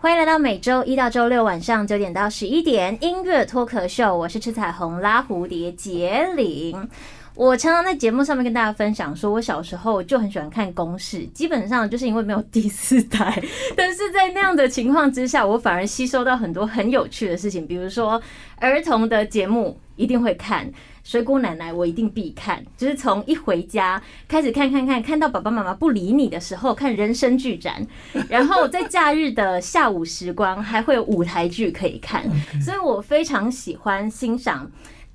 歡迎來到每周一到周六晚上九點到十一點音樂脫口秀，我是赤彩虹拉蝴蝶婕鈴。我常常在節目上面跟大家分享，說我小時候就很喜歡看公視，基本上就是因為沒有第四台。但是在那樣的情況之下，我反而吸收到很多很有趣的事情，比如說兒童的節目一定會看。水果奶奶，我一定必看，就是從一回家開始看，看，看，看到爸爸媽媽不理你的時候，看人生劇展，然後在假日的下午時光，還會有舞台劇可以看， 所以我非常喜歡欣賞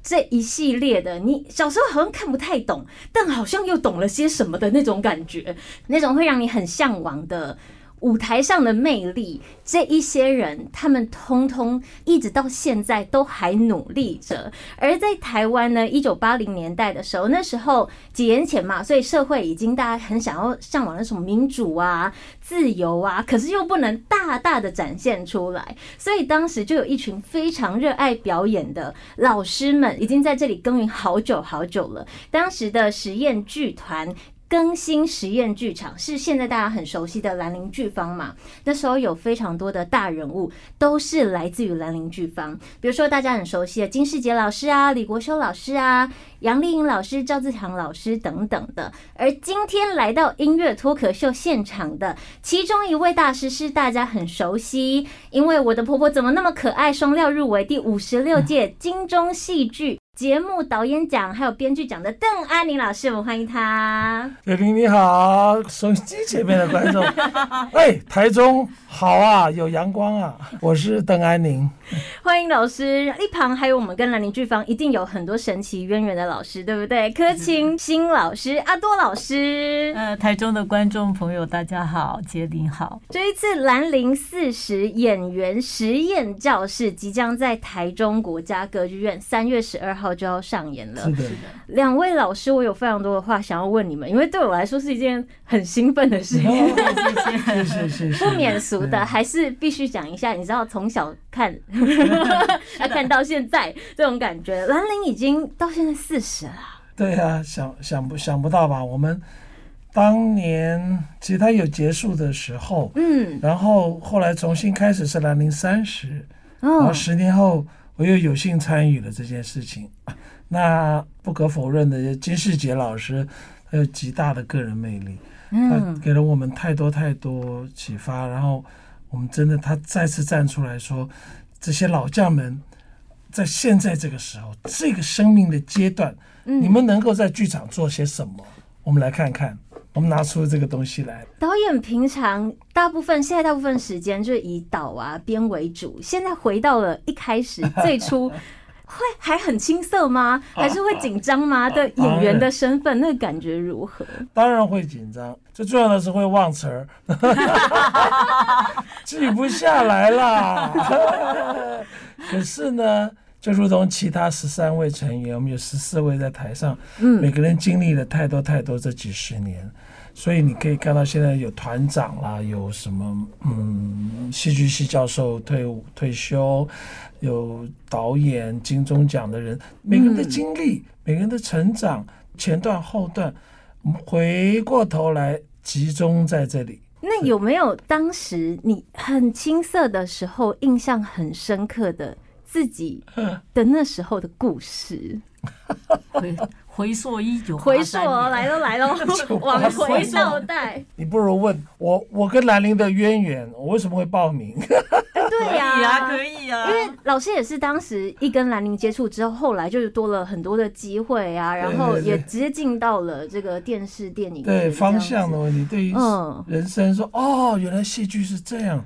這一系列的。你小時候好像看不太懂，但好像又懂了些什麼的那種感覺，那種會讓你很嚮往的。舞台上的魅力，這一些人，他們通通一直到現在都還努力着。而在台灣呢，一九八零年代的時候，那時候幾年前嘛，所以社會已經大家很想要向往那種民主啊、自由啊，可是又不能大大的展現出來，所以當時就有一群非常熱愛表演的老師們，已經在這裡耕耘好久好久了。當時的實驗劇團。更新實驗劇場是現在大家很熟悉的蘭陵劇坊嘛？那時候有非常多的大人物都是來自於蘭陵劇坊。比如說大家很熟悉的金士傑老師啊、李國修老師啊、楊麗穎老師、趙自強老師等等的。而今天來到音樂脫口秀現場的其中一位大師是大家很熟悉，因為我的婆婆怎麼那麼可愛，雙料入圍第五十六屆金鐘戲劇，嗯節目導演獎還有編劇獎的鄧安寧老師，我們歡迎他。婕鈴你好，手機前面的觀眾， 哎，台中好啊，有陽光啊，我是鄧安寧，歡迎老師。一旁還有我們跟蘭陵劇坊一定有很多神奇淵源的老師，對不對？柯清的心老師、阿多老師。呃，台中的觀眾朋友大家好，婕鈴好，這一次蘭陵四十演員實驗教室即將在台中國家歌劇院三月十二號。後就要上演了。是的，兩位老師，我有非常多的話想要問你們，因為對我來說是一件很興奮的事情。哦、是、是、是、是是是，不免 俗的，還是必須講一下。你知道，從小看、 啊，看到現在的這種感覺，蘭陵已經到現在四十了。對啊，想想不想不到吧？我們當年其實他有結束的時候，嗯，然後後來重新開始是蘭陵三十，然後十年後。我又有幸參與了這件事情，那不可否認的，金士杰老師他有極大的個人魅力，他給了我們太多太多啟發。然後我們真的，他再次站出來說，這些老將們在現在這個時候，這個生命的階段，你們能夠在劇場做些什麼？我們來看看。我們拿出這個東西來。導演平常大部分現在大部分時間就以導啊編為主，現在回到了一開始 最初，會還很青澀嗎？ 還是會緊張嗎？對、 啊啊啊啊、演員的身份，那個、感覺如何？當然會緊張，最重要的是會忘詞兒， 記不下來啦。 可是呢。就如同其他十三位成員，我們有十四位在台上，嗯，每個人經歷了太多太多這幾十年，所以你可以看到現在有團長啦，有什麼嗯，戲劇系教授退伍退休，有導演金鐘獎的人，每個人的經歷，嗯、每個人的成長，前段後段，回過頭來集中在這裡。那有沒有當時你很青澀的時候，印象很深刻的？自己的那時候的故事，回回溯已久，回溯哦，溯了，來都來了， 往回倒帶。你不如問我，我跟蘭陵的淵源，我為什麼會報名？對 呀、啊啊，可以啊。因為老師也是當時一跟蘭陵接觸之後，後來就是多了很多的機會啊，對對對，然後也直接進到了這個電視電影對方向的問題，對於人生說，嗯、哦，原來戲劇是這樣。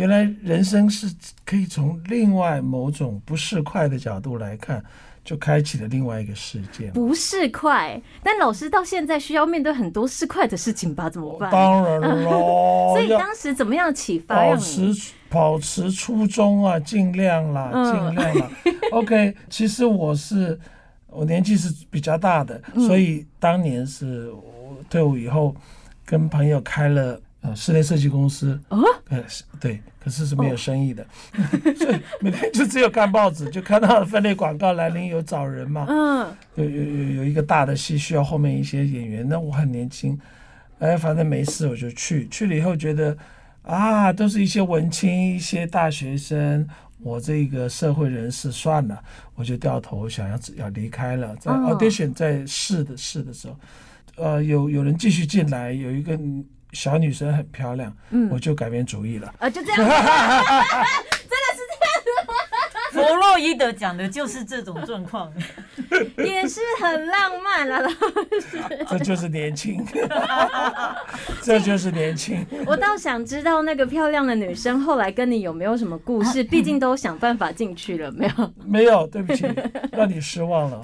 原來人生是可以從另外某種不是快的角度來看，就開啟了另外一個世界。不是快，但老師到現在需要面對很多是快的事情吧？怎麼辦？當然嘍。所以當時怎麼樣啟發？保持你保持初衷啊，盡量啦，盡量啦。嗯、 OK，其實我是我年紀是比較大的，嗯、所以當年是我，退伍以後跟朋友開了、呃、室內設計公司。啊、oh? 呃，對。可是是沒有生意的，哦、 所以每天就只有看報紙，就看到分類廣告，蘭陵，有找人嘛，嗯，有有有有一個大的戲需要後面一些演員，那我很年輕，哎，反正沒事我就去，去了以後覺得，啊，都是一些文青，一些大學生，我這個社會人士算了，我就掉頭想要要離開了，在 audition 在試的試的時候，呃，有有人繼續進來，有一個。小女生很漂亮，嗯，我就改變主意了。啊，就這樣。 弗洛伊德講的就是這種狀況， 也是很浪漫了。這就是年輕，這就是年輕。我倒想知道那個漂亮的女生後來跟你有沒有什麼故事？啊、畢竟都想辦法進去了，啊、沒有？沒有，對不起，讓你失望了。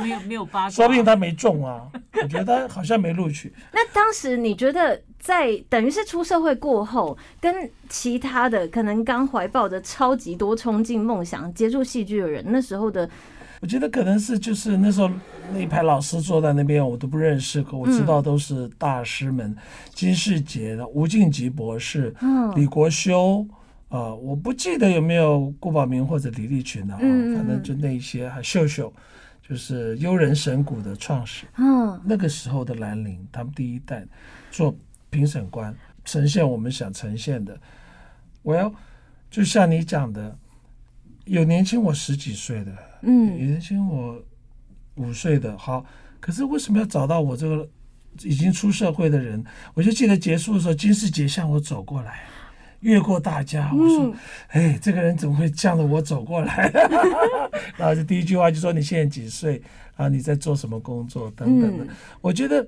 沒有沒有發生，說不定她沒中啊。我 覺得她好像沒錄取。那當時你覺得在，在等於是出社會過後跟？其他的可能剛懷抱着超級多憧憬夢想接觸戲劇的人，那時候的，我覺得可能是就是那時候那一排老師坐在那邊，我都不認識，可我知道都是大師們，嗯、金士傑、吳靜吉博士、嗯、李國修啊、呃，我不記得有沒有顧寶明或者李立群的啊，嗯嗯反正就那一些、啊，還秀秀，就是優人神鼓的創始，嗯，那個時候的蘭陵他們第一代做評審官。呈現我們想呈現的，我要就像你講的，有年輕我十幾歲的，嗯，有年輕我五歲的，好。可是為什麼要找到我這個已經出社會的人？我就記得結束的時候，金士傑向我走過來，越過大家，我說：“哎、嗯欸，這個人怎麼會向着我走過來？” 然後就第一句話就說：“你現在幾歲？啊，你在做什麼工作？等等的。嗯”我覺得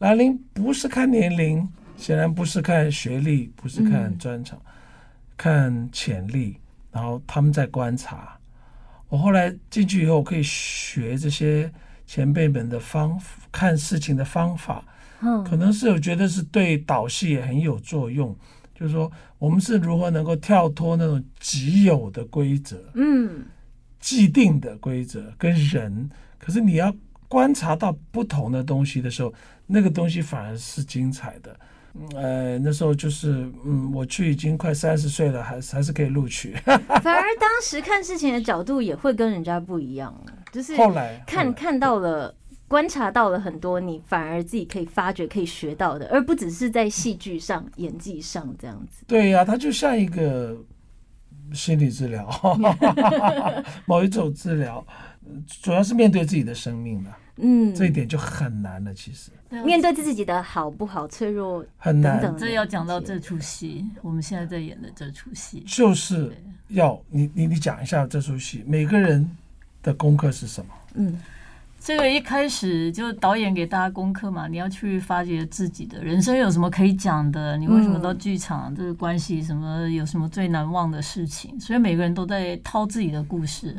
蘭陵不是看年齡。顯然不是看學歷，不是看專長，嗯、看潛力。然後他們在觀察我。後來進去以後，可以學這些前輩們的方看事情的方法。嗯、可能是我覺得是對導戲也很有作用。就是說，我們是如何能夠跳脫那種既有的規則，嗯，既定的規則跟人。可是你要觀察到不同的東西的時候，那個東西反而是精彩的。呃，那時候就是，嗯，我去已經快三十歲了，還是還是可以錄取。 反而當時看事情的角度也會跟人家不一樣啊，就是看後來看到了、觀察到了很多，你反而自己可以發覺、可以學到的，而不只是在戲劇上、 演技上這樣子。對呀，它就像一個心理治療， 某一種治療、呃，主要是面對自己的生命的。嗯，這一點就很難了。其實對面對自己的好不好脆弱，很難。這要講到這出戲，對我們現在在演的這出戲，對就是要對你你你講一下這出戲每個人的功課是什麼？嗯，這個一開始就導演給大家功課嘛，你要去發掘自己的人生有什麼可以講的，你為什麼到劇場，這個關係什麼有什麼最難忘的事情，所以每個人都在掏自己的故事。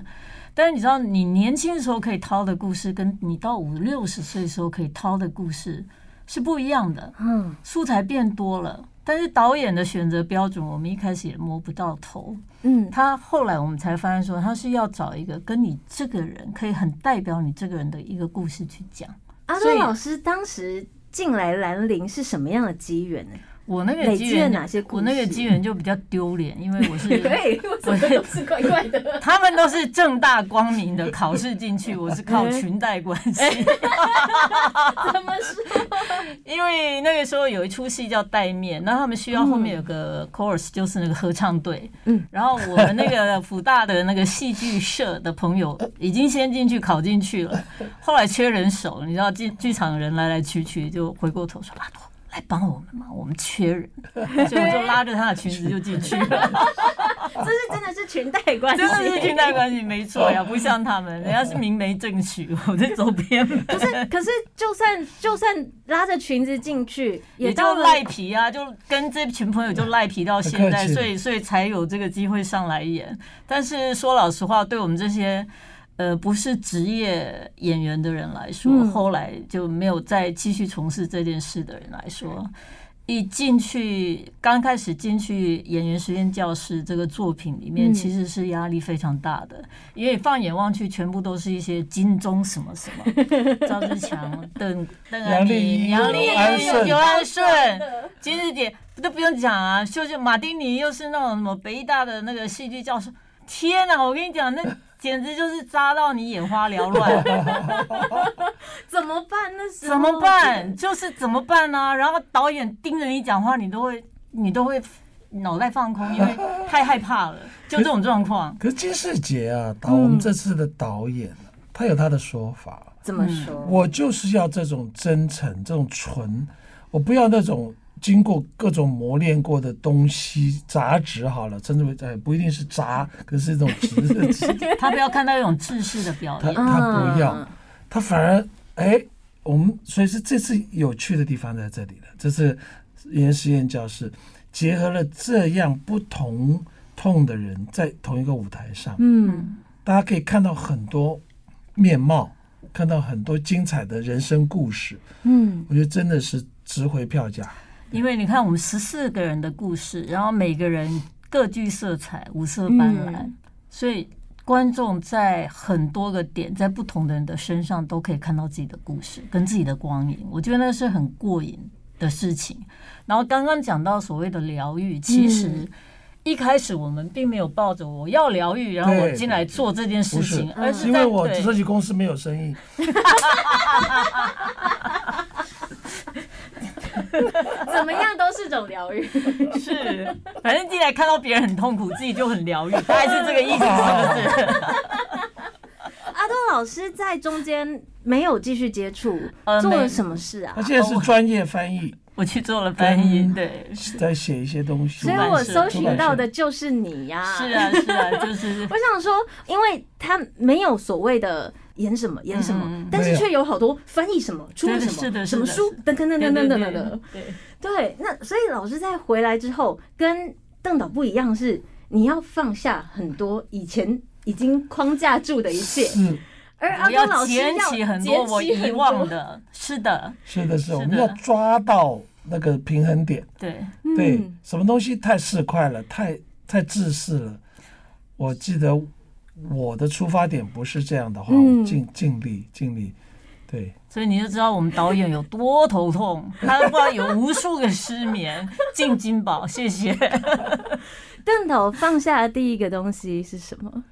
但是你知道，你年輕的時候可以掏的故事，跟你到五六十歲的時候可以掏的故事是不一樣的。嗯，素材變多了，但是導演的選擇標準，我們一開始也摸不到頭。嗯，他後來我們才發現說，他是要找一個跟你這個人可以很代表你這個人的一個故事去講。啊、阿寧老師當時進來蘭陵是什麼樣的機緣呢？我那個機緣，我那個機緣就比較丟臉，因為我是 我是怪怪的。 他們都是正大光明的考試進去，我是靠裙帶關係。哈哈哈，因為那個時候有一出戲叫《代面》，那他們需要後面有個 chorus，嗯、就是那個合唱隊。嗯。然後我們那個輔大的那個戲劇社的朋友已經先進去考進去了，後來缺人手，你知道進劇場的人來來去去，就回過頭說幫我們嗎？我們缺人，所以我就拉着他的裙子就進去了。 這是真的是裙帶關係， 真的是裙帶關係，沒錯呀， 不像他們，人家是明媒正娶。我在走邊， 可是可是，就算就算拉着裙子進去，也就賴皮啊，就跟這群朋友就賴皮到現在，所以所以才有這個機會上來演。但是說老實話，對我們這些。呃，不是職業演員的人來說，嗯、後來就沒有再繼續從事這件事的人來說，嗯、一進去，剛開始進去演員實驗教室這個作品裡面，嗯、其實是壓力非常大的，因為放眼望去，全部都是一些金鐘什麼什麼，趙 志強、鄧、鄧安寧、楊麗音、楊安順、劉安順，金士傑都不用講啊，就是馬丁尼又是那種什麼北藝大的那個戲劇教授，天哪、啊，我跟你講那。簡直就是紮到你眼花繚亂， 怎麼辦那？那怎麼辦？就是怎麼辦呢、啊？然後導演盯着你講話，你都會你都會腦袋放空，因為太害怕了， 就這種狀況。可是，可是金士傑啊，導我們這次的導演，嗯、他有他的說法。怎麼說？我就是要這種真誠，這種純，我不要那種。經過各種磨練過的東西，雜質好了，稱之為哎，不一定是雜，可是一種質的質。他不要看到一種制式的表演，他他不要，嗯、他反而哎，我們所以是這次有趣的地方在這裡了，這次演員實驗教室結合了這樣不同痛的人在同一個舞台上，嗯，大家可以看到很多面貌，看到很多精彩的人生故事，嗯，我覺得真的是值回票價。因為你看，我們十四個人的故事，然後每個人各具色彩，五色斑斕，嗯、所以觀眾在很多個點，在不同的人的身上都可以看到自己的故事，跟自己的光影。我覺得那是很過癮的事情。然後剛剛講到所謂的療癒，其實一開始我們並沒有抱着我要療癒，然後我進來做這件事情，是而是因為我設計公司沒有生意。 怎麼樣都是種療癒，是，反正進來看到別人很痛苦，自己就很療癒，大概是這個意思，是不是？阿東老師在中間沒有繼續接觸，uh, 做了什麼事啊？他現在是專業翻譯，oh，我去做了翻譯，嗯、對，是在寫一些東西。所以我搜尋到的就是你呀、啊， 是啊是啊，就是。 我想說，因為他沒有所謂的。演什麼演什麼，但是卻有好多翻譯什麼，出了什麼什麼書，噔噔噔噔噔噔噔。對對，那所以老師在回來之後，跟鄧導不一樣是，你要放下很多以前已經框架住的一切。嗯。而阿哥老師要撿起很多我遺忘的。是的，是的，是，我們要抓到那個平衡點。對對，什麼東西太市儈了，太太自私了。我記得。我的出發點不是這樣的話，我盡、嗯、盡力，盡力，對。所以你就知道我們導演有多頭痛， 他不然有無數個失眠。進金寶，謝謝。鄧導 放下的第一個東西是什麼？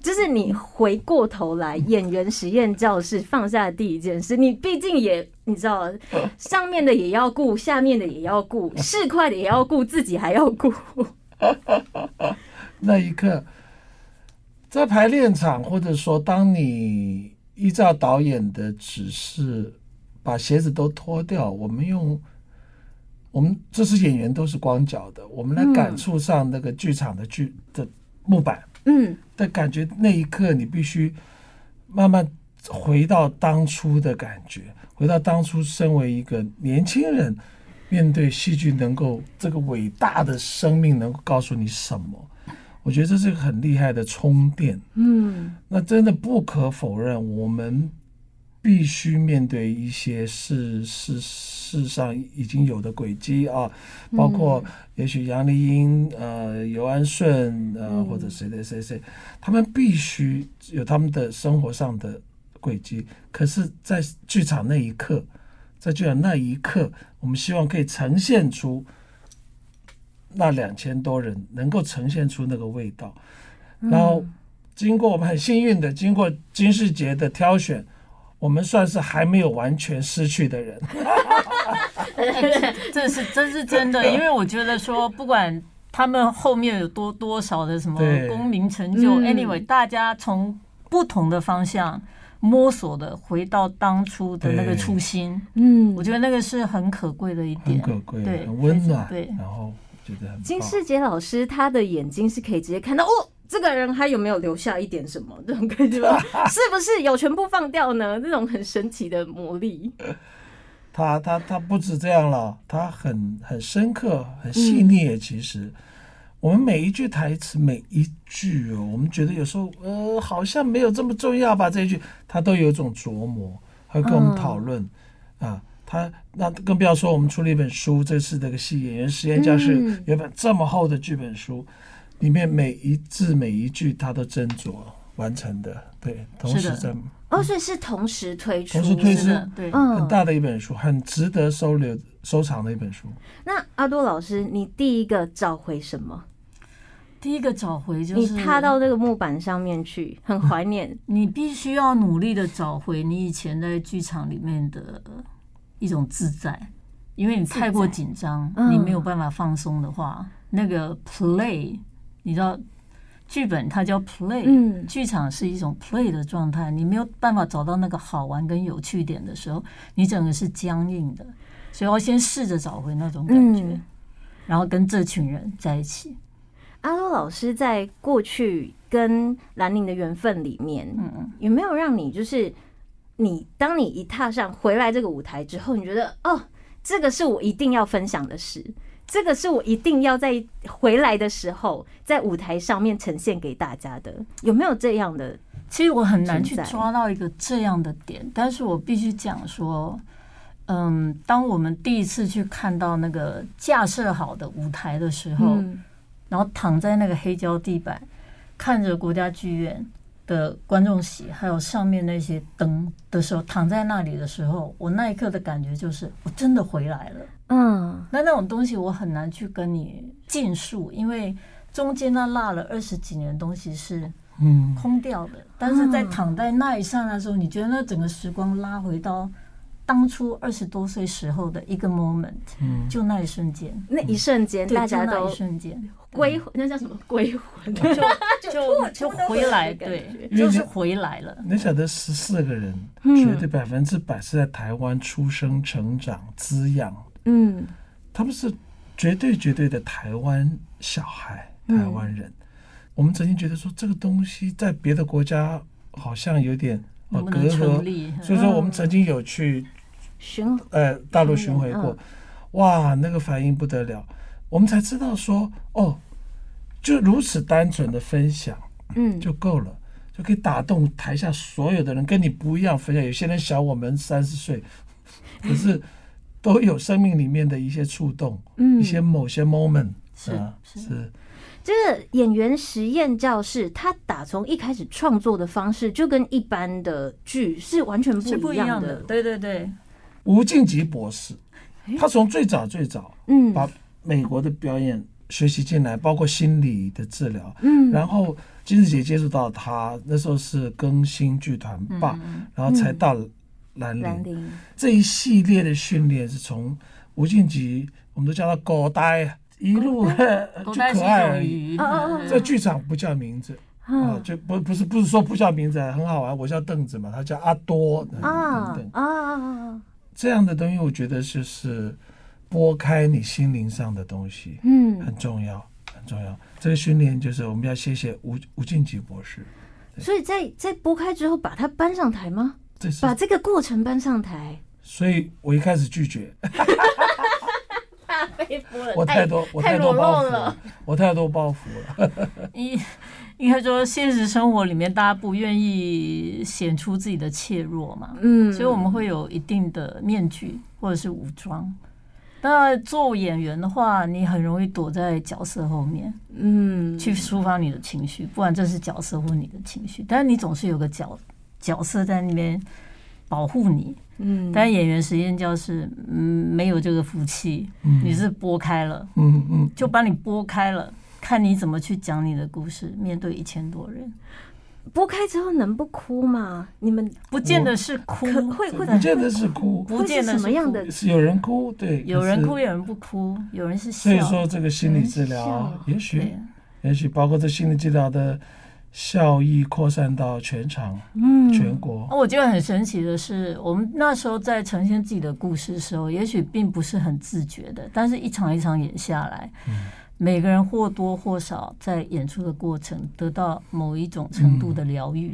就是你回過頭來，演員實驗教室放下的第一件事。你畢竟也你知道，上面的也要顧，下面的也要顧，市儈的也要顧，自己還要顧。 那一刻。在排練場，或者說，當你依照導演的指示把鞋子都脫掉，我們用我們這些演員都是光腳的，我們來感觸上那個劇場的劇、嗯、的木板。嗯，但感覺那一刻，你必須慢慢回到當初的感覺，回到當初身為一個年輕人面對戲劇，能夠這個偉大的生命能夠告訴你什麼。我覺得這是一個很厲害的充電，嗯，那真的不可否認，我們必須面對一些事，事實上，已經有的軌跡啊，包括也許楊麗英、呃尤安順、呃或者誰誰誰誰，他們必須有他們的生活上的軌跡，可是，在劇場那一刻，在劇場那一刻，我們希望可以呈現出。那兩千多人能夠呈現出那個味道，嗯、然後經過我們很幸運的，經過金士傑的挑選，我們算是還沒有完全失去的人。 這是真是真的， 因為我覺得說，不管他們後面有多多少的什麼功名成就，anyway，大家從不同的方向摸索的回到當初的那個初心。對嗯，我覺得那個是很可貴的一點，很可貴，對，溫暖，對然後。金士傑老師，他的眼睛是可以直接看到哦，這個人還有沒有留下一點什麼？這種感覺是不是有全部放掉呢？這 種很神奇的魔力。他他他不止這樣了，他很很深刻、很細膩。嗯、其實我們每一句台詞、每一句、哦，我們覺得有時候呃好像沒有這麼重要吧，這一句他都有一種琢磨，會跟我們討論、嗯、啊。他那更不要說，我們出了一本書。這次這個戲演員實驗教室有本這麼厚的劇本書，嗯、裡面每一字每一句他都斟酌完成的。對，同時在的、嗯、哦，所以是同時推出，同時推出，對的，很大的一本書，嗯、很值得收留收藏的一本書。那阿多老師，你第一個找回什麼？第一個找回就是你踏到那個木板上面去，很懷念。 你必須要努力的找回你以前在劇場裡面的。一種自在，因為你太過緊張，嗯、你沒有辦法放鬆的話，嗯、那個 play，你知道，劇本它叫 play，嗯、劇場是一種 play 的狀態，你沒有辦法找到那個好玩跟有趣點的時候，你整個是僵硬的，所以要先試着找回那種感覺，嗯、然後跟這群人在一起。阿洛老師在過去跟蘭陵的緣分裡面，嗯嗯，有沒有讓你就是？你當你一踏上回來這個舞台之後，你覺得哦，這個是我一定要分享的事，這個是我一定要在回來的時候在舞台上面呈現給大家的，有沒有這樣的？其實我很難去抓到一個這樣的點，但是我必須講說，嗯，當我們第一次去看到那個架設好的舞台的時候，嗯、然後躺在那個黑膠地板，看着國家劇院。的觀眾席，還有上面那些燈的時候，躺在那裡的時候，我那一刻的感覺就是，我真的回來了。嗯，那那種東西我很難去跟你盡述，因為中間那落了二十幾年的東西是空掉的，嗯、但是在躺在那一剎那的時候，嗯、你覺得那整個時光拉回到。當初二十多歲時候的一個 moment，就那一瞬間，那一瞬間，大家那一瞬間歸那叫什麼歸魂？就就就回來，對，就是回來了。你曉得，十四個人絕對百分之百是在台灣出生、成長、滋養，嗯，他們是絕對絕對的台灣小孩、台灣人。我們曾經覺得說這個東西在別的國家好像有點隔閡，所以說我們曾經有去。巡呃，大陸巡迴過，啊、哇，那個反應不得了。我們才知道說，哦，就如此單純的分享，嗯，就夠了，就可以打動台下所有的人。跟你不一樣，分享有些人小我們三十歲，嗯，可是都有生命裡面的一些觸動，嗯，一些某些 moment 是，嗯，是。是啊，是這個演員實驗教室，他打從一開始創作的方式，就跟一般的劇是完全不一樣的，是不一樣的，對對對。吳靜吉博士，他從最早最早，嗯，把美國的表演學習進來，包括心理的治療，嗯，然後金士傑接觸到他那時候是更新劇團吧，嗯、然後才到蘭陵，嗯嗯、蘭陵這一系列的訓練是從吳靜吉，我們都叫他狗呆，一路代 就可愛而已，代這劇場不叫名字，啊，啊，啊，就不不是不是說不叫名字，很好玩，我叫鄧子嘛，他叫阿多啊啊啊啊。等等啊這樣的東西，我覺得就是撥開你心靈上的東西，嗯，很重要，很重要。這個訓練就是我們要謝謝吳吳靜吉博士。所以在在撥開之後，把它搬上台嗎？這是把這個過程搬上台。所以我一開始拒絕。 我太多，我太多包袱了，我太多包袱了、哎。太裸露了。應應該說，現實生活裡面，大家不願意顯出自己的怯弱嘛，嗯，所以我們會有一定的面具或者是武裝。那做演員的話，你很容易躲在角色後面，嗯，去抒發你的情緒，不然這是角色或你的情緒。但是你總是有個角角色在那邊保護你。嗯，但演員實驗教室，嗯，沒有這個福氣，嗯、你是撥開了，嗯嗯，嗯就把你撥開了，嗯、看你怎麼去講你的故事，面對一千多人，撥開之後能不哭嗎？你們不見得是哭，會會不見得是哭，不見得什麼樣的是有人哭，對，是有人哭，有人不哭，有人是笑，所以說這個心理治療，也許，也許包括這心理治療的。效益擴散到全場，嗯，全國。我覺得很神奇的是，我們那時候在呈現自己的故事的時候，也許並不是很自覺的，但是一場一場演下來，嗯，每個人或多或少在演出的過程得到某一種程度的療癒，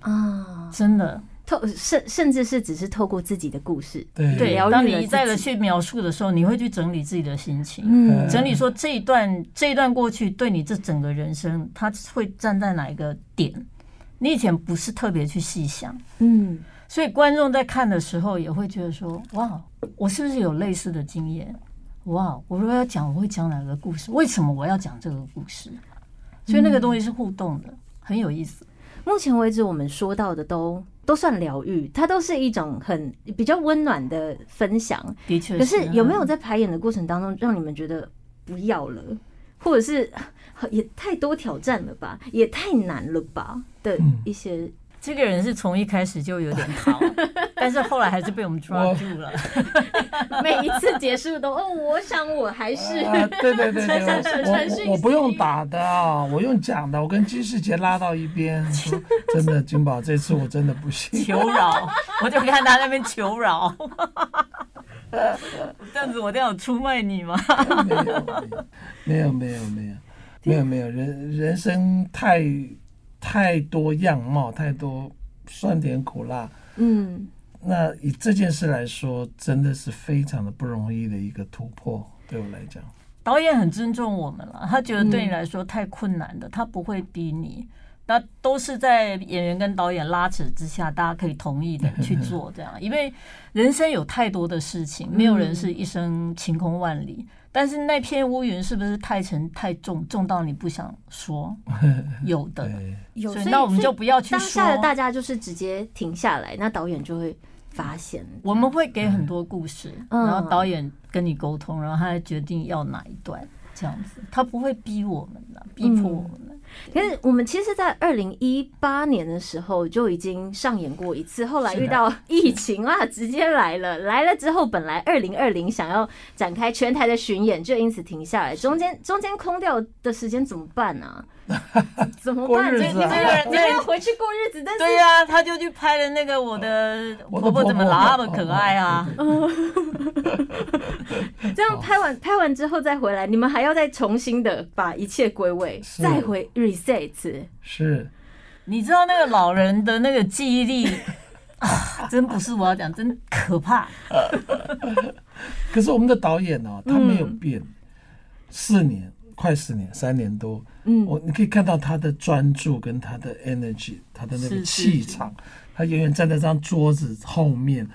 啊、嗯，真的。啊透甚甚至是只是透過自己的故事，對，對，當你一再的去描述的時候，你會去整理自己的心情，嗯，整理說這一段這一段過去對你這整個人生，它會站在哪一個點？你以前不是特別去細想，嗯，所以觀眾在看的時候也會覺得說，哇，我是不是有類似的經驗？哇，我如果要講，我會講哪個故事？為什麼我要講這個故事？所以那個東西是互動的，嗯，很有意思。目前為止我們說到的都。都算療癒，它都是一種很比較溫暖的分享。的確，可是有沒有在排演的過程當中，讓你們覺得不要了，或者是也太多挑戰了吧，也太難了吧的一些、嗯？這個人是從一開始就有點逃 但是後來還是被我們抓住了，每一次結束都哦，我想我還是對對對，我不用打的，我用講的，我跟金士傑拉到一邊，說真的，金寶，這次我真的不行，求饒，我就跟他那邊求饒，這樣子我都要出賣你嗎？沒有沒有沒有沒有沒有，人人生太太多樣貌，太多酸甜苦辣，嗯。那以這件事來說，真的是非常的不容易的一個突破，對我來講。導演很尊重我們了，他覺得對你來說太困難的，嗯、他不會逼你。那都是在演員跟導演拉扯之下，大家可以同意的去做這樣。因為人生有太多的事情，沒有人是一生晴空萬里。嗯、但是那片烏雲是不是太沉太重，重到你不想說？有的，有。那我們就不要去說。當下的大家就是直接停下來，那導演就會。發現我們會給很多故事，嗯、然後導演跟你溝通，然後他來決定要哪一段這樣子，他不會逼我們的、啊，逼迫我們。嗯可是我們其實，在二零一八年的時候就已經上演過一次，後來遇到疫情啊，直接來了。來了之後，本來二零二零想要展開全台的巡演，就因此停下來。中間中間空掉的時間怎麼辦啊？ 怎麼辦？你們要回去過日子但是，對呀、啊，他就去拍了那個我的婆婆怎麼那麼可愛啊？這樣拍完拍完之後再回來，你們還要再重新的把一切歸位，再回。Reset 是，你知道那個老人的那個記憶力、 啊、真不是我要講，真可怕。 可是我們的導演呢、啊，他沒有變，四年快四年，三年多，嗯、我你可以看到他的專注跟他的 energy，他的那個氣場，他永遠站在那張桌子後面。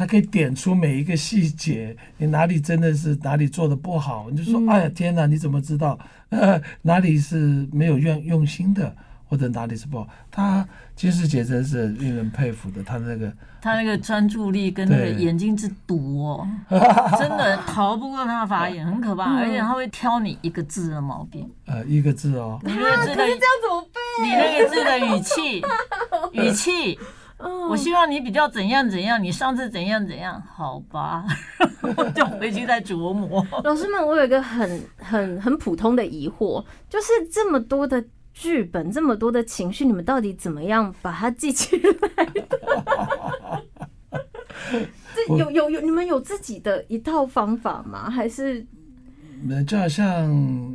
他可以點出每一個細節，你哪裡真的是哪裡做的不好，你就說，哎呀天哪，你怎麼知道、呃、哪裡是沒有用用心的，或者哪裡是不好？他金士傑真是令人佩服的，他那個，他那個專注力跟那個眼睛之毒，對 真的逃不過他的法眼，很可怕。而且他會挑你一個字的毛病，呃，一個字哦，你那個字的語氣， 語氣。Oh, 我希望你比較怎樣怎樣，你上次怎樣怎樣。好吧，我 就回去再琢磨。老師們，我有一個很很很普通的疑惑，就是這麼多的劇本，這麼多的情緒，你們到底怎麼樣把它記起來的？ 我這有有有，你們有自己的一套方法嗎？還是？就好像，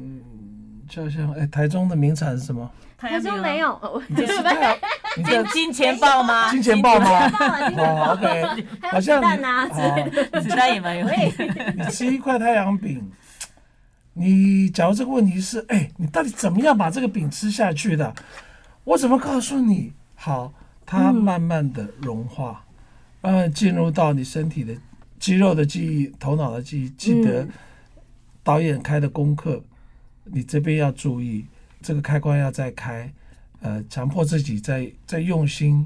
就好像，哎、欸，台中的名產是什麼？台中沒有，台有金錢豹嗎？金錢豹嗎？哦 OK 好像、啊、 你吃一塊太陽餅，你假如這個問題是，哎、欸，你到底怎麼樣把這個餅吃下去的？我怎麼告訴你？好，它慢慢的融化，嗯、慢慢進入到你身體的肌肉的記憶、頭腦的記憶，記得導演開的功課，你這邊要注意，這個開關要再開。呃，強迫自己在在用心，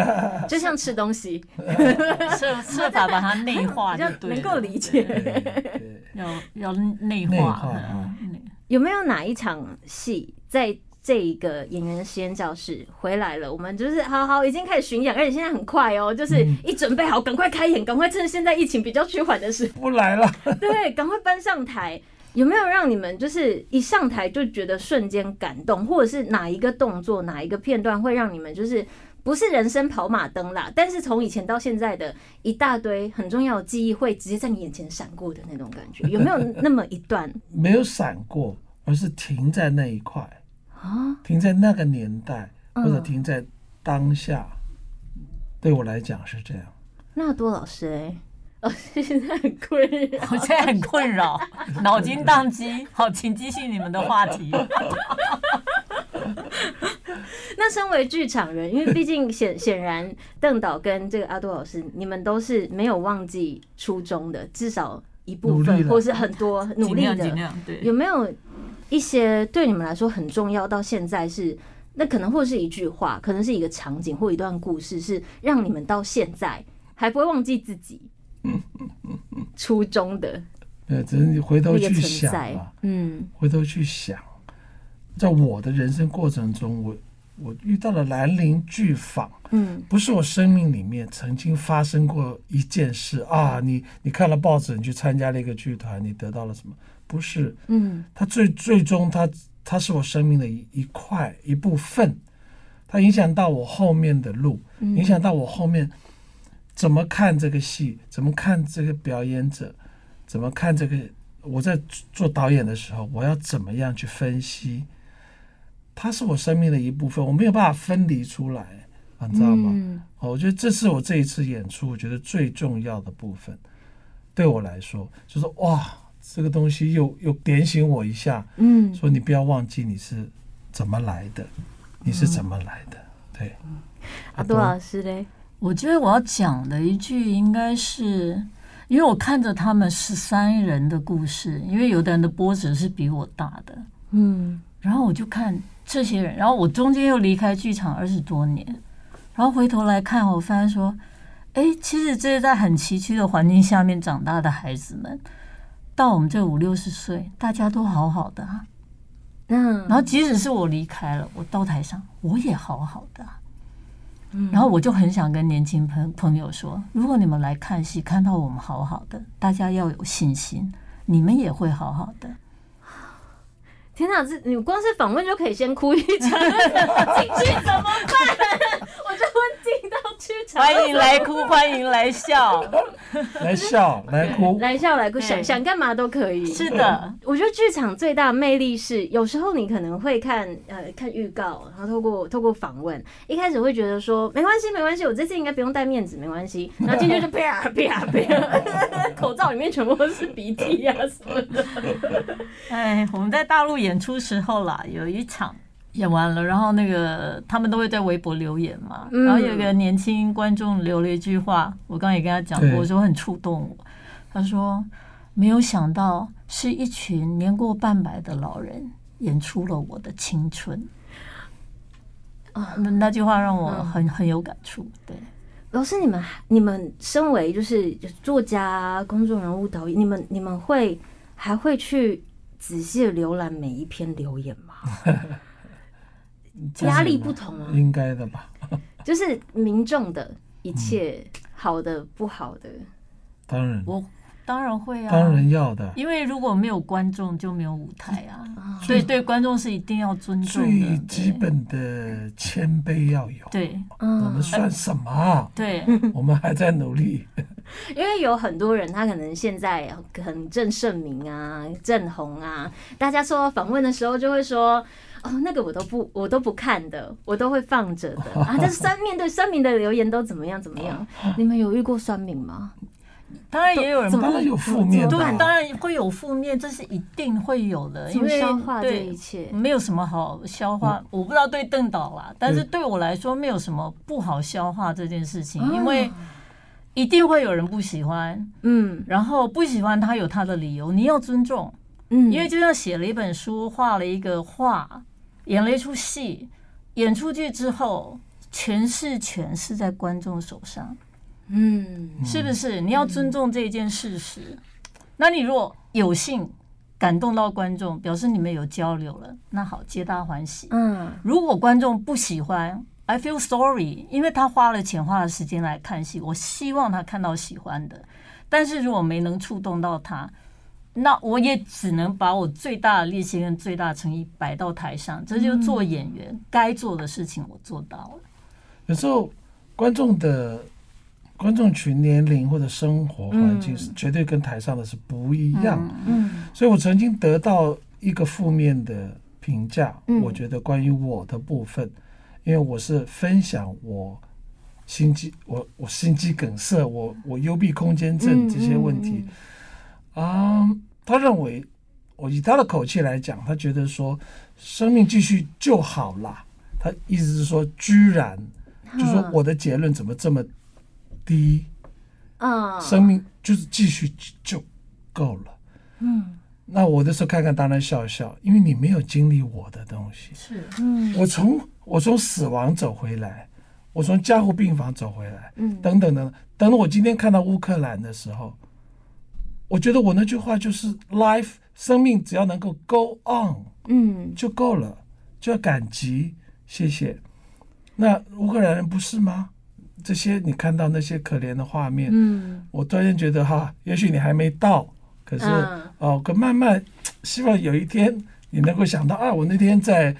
就像吃東西，設設 法把它內化就對，就能夠理解。要要內化。有沒有哪一場戲，在這一個演員實驗教室回來了？我們就是好好已經開始巡演，而且現在很快哦，就是一準備好，趕快開演，趕快、嗯、趁現在疫情比較趨緩的時候不來了。對，趕快搬上台。有沒有讓你們就是一上台就覺得瞬間感動，或者是哪一個動作、哪一個片段會讓你們就是不是人生跑馬燈啦？但是從以前到現在的一大堆很重要的記憶，會直接在你眼前閃過的那種感覺，有沒有那麼一段？ 沒有閃過，而是停在那一塊啊，停在那個年代，或者停在當下，嗯、對我來講是這樣。那多老師、欸，老師 現在很困擾，我現在很困擾，腦 筋宕機。好，請繼續你們的話題。 那身為劇場人，因為畢竟顯顯然，鄧導跟這個阿杜老師，你們都是沒有忘記初衷的，至少一部分，或是很多努力的。盡量盡量對。有沒有一些對你們來說很重要？到現在是那可能，或是一句話，可能是一個場景或一段故事，是讓你們到現在還不會忘記自己。嗯嗯嗯嗯，嗯初中的，呃，只是你回頭去想嘛，啊，嗯，回頭去想，在我的人生過程中，我我遇到了蘭陵劇坊，嗯，不是我生命裡面曾經發生過一件事，嗯、啊，你你看了報紙，你去參加了一個劇團，你得到了什麼？不是，嗯，它最最終它它是我生命的一一塊一部分，它影響到我後面的路，嗯，影響到我後面，怎麼看這個戲？怎麼看這個表演者？怎麼看這個？我在做導演的時候，我要怎麼樣去分析？他是我生命的一部分，我沒有辦法分離出來，你知道嗎？嗯，我覺得這是我這一次演出，我覺得最重要的部分，對我來說，就是哇，這個東西又又點醒我一下。嗯，說你不要忘記你是怎麼來的，你是怎麼來的。嗯、對，阿、啊、杜老師嘞。我覺得我要講的一句應該是，因為我看着他們十三人的故事，因為有的人的波折是比我大的，嗯，然後我就看這些人，然後我中間又離開劇場二十多年，然後回頭來看，我發現說，誒，其實這是在很崎嶇的環境下面長大的孩子們，到我們這五六十歲，大家都好好的，嗯，然後即使是我離開了，我到台上，我也好好的啊。然後我就很想跟年輕朋朋友說，如果你們來看戲，看到我們好好的，大家要有信心，你們也會好好的。天哪，這你光是訪問就可以先哭一場，我進去怎麼辦？我就問聽到。歡迎來哭， 歡迎來笑， 來笑來哭， 來笑來哭，想想幹嘛都可以。是的，我覺得劇場最大的魅力是，有時候你可能會看呃看預告，然後透過透過訪問，一開始會覺得說沒關係沒關係，我這次應該不用帶面紙，沒關係。然後進去就啪、啊、啪、啊、啪、啊， 口罩裡面全部都是鼻涕呀、啊、什麼的。哎， 我們在大陸演出時候啦，有一場。演完了，然後，那個他們都會在微博留言嘛，嗯、然後有一個年輕觀眾留了一句話，我剛剛也跟他講過，我說很觸動我。他說：“沒有想到是一群年過半百的老人演出了我的青春。嗯”那那句話讓我很、嗯、很有感觸。對，老師，你們你們身為就是作家、公眾人物、導演，你們你們會還會去仔細的瀏覽每一篇留言嗎？ 壓力不同啊，應該的吧。就是民眾的一切，好的不好的，當然我當然會啊，當然要的。因為如果沒有觀眾，就沒有舞台啊。所以對觀眾是一定要尊重的，最基本的謙卑要有。對，我們算什麼？對，我們還在努力。因為有很多人，他可能現在很正盛名啊，正紅啊，大家說訪問的時候就會說。Oh, 那個我都不我都不看的，我都會放着的啊。但是酸，面對酸民的留言都怎麼樣怎麼樣？ 你們有遇過酸民嗎？當然也有人有、啊，當然有負面，當當然會有負面，這是一定會有的。因為消化一切，對，沒有什麼好消化。嗯、我不知道對鄧導啦，但是對我來說沒有什麼不好消化這件事情，嗯、因為一定會有人不喜歡。嗯，然後不喜歡他有他的理由，你要尊重。嗯，因為就像寫了一本書，畫了一個畫。演了一齣戲，演出去之後，全是全是在觀眾手上，嗯，是不是？你要尊重這件事實。嗯、那你如果有幸感動到觀眾，表示你們有交流了，那好，皆大歡喜。嗯，如果觀眾不喜歡，I feel sorry，因為他花了錢、花了時間來看戲，我希望他看到喜歡的。但是如果沒能觸動到他。那我也只能把我最大的力氣跟最大誠意擺到台上，這就是做演員、嗯、該做的事情，我做到了。有時候觀眾的觀眾群年齡或者生活環境是，嗯、絕對跟台上的是不一樣。嗯，嗯，所以我曾經得到一個負面的評價，嗯、我覺得關於我的部分，嗯、因為我是分享我心肌，我我心肌梗塞，我我幽閉空間症這些問題啊。嗯嗯嗯嗯。他認為，我以他的口氣來講，他覺得說生命繼續就好啦。他意思是說，居然就是說我的結論怎麼這麼低？嗯，生命就是繼續就夠了。嗯，那我的時候看看，當然笑笑，因為你沒有經歷我的東西。是，嗯，我從我從死亡走回來，我從加護病房走回來，嗯，等等等，等我今天看到烏克蘭的時候。我覺得我那句話就是 “life 生命只要能夠 go on，嗯，就夠了，就要感激，謝謝。”那烏克蘭人不是嗎？這些你看到那些可憐的畫面，嗯，我突然間覺得哈，也許你還沒到，可是、嗯、哦，可慢慢，希望有一天你能夠想到啊，我那天在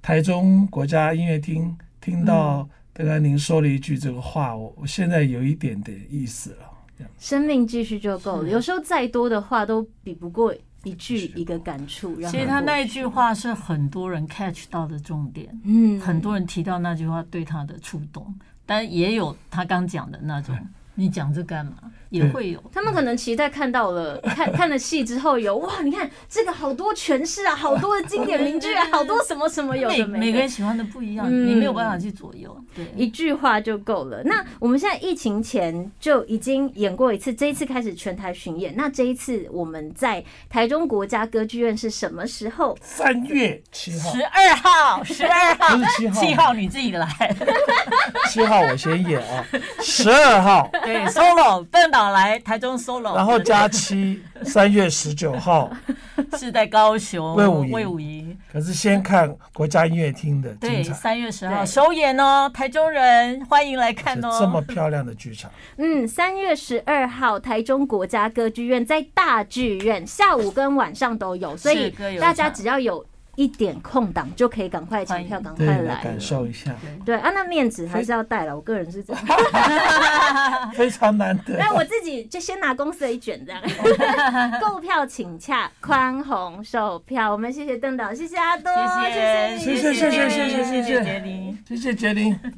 台中國家音樂廳聽到，鄧安寧說了一句這個話，我我現在有一點點意思了。生命繼續就夠了。有時候再多的話都比不過一句、一個感觸。其實他那一句話是很多人 catch 到的重點。嗯，很多人提到那句話對他的觸動，但也有他剛講的那種。嗯，你講這幹嘛？也會有，他們可能期待看到了，看看了戲之後有哇，你看這個好多詮釋啊，好多的經典名句啊，好多什麼什麼有的沒的、嗯嗯、每個人喜歡的不一樣，你沒有辦法去左右。對，一句話就夠了。那我們現在疫情前就已經演過一次，這一次開始全台巡演。那這一次我們在台中國家歌劇院是什麼時候？三月七號、嗯、號，十二號，十二號七號？7號你自己來。七 號我先演啊12，十二號對，solo 來台中 solo，然後加期三對月十九號是在高雄衛武營。衛武營，可是先看國家音樂廳的。對，三月十號對首演哦，台中人歡迎來看哦，這麼漂亮的劇場。嗯，三月十二號台中國家歌劇院在大劇院下午跟晚上都有，所以大家只要有。一點空檔就可以趕快搶票，趕快來，來感受一下。對，啊，那面子還是要帶了。我個人是這樣，嘿 非常難得。那我自己就先拿公司的一卷，這樣。購 票請洽寬宏售票。我們謝謝鄧導，謝謝阿多，謝謝，謝謝，謝謝，謝謝，謝謝婕鈴，謝謝婕鈴。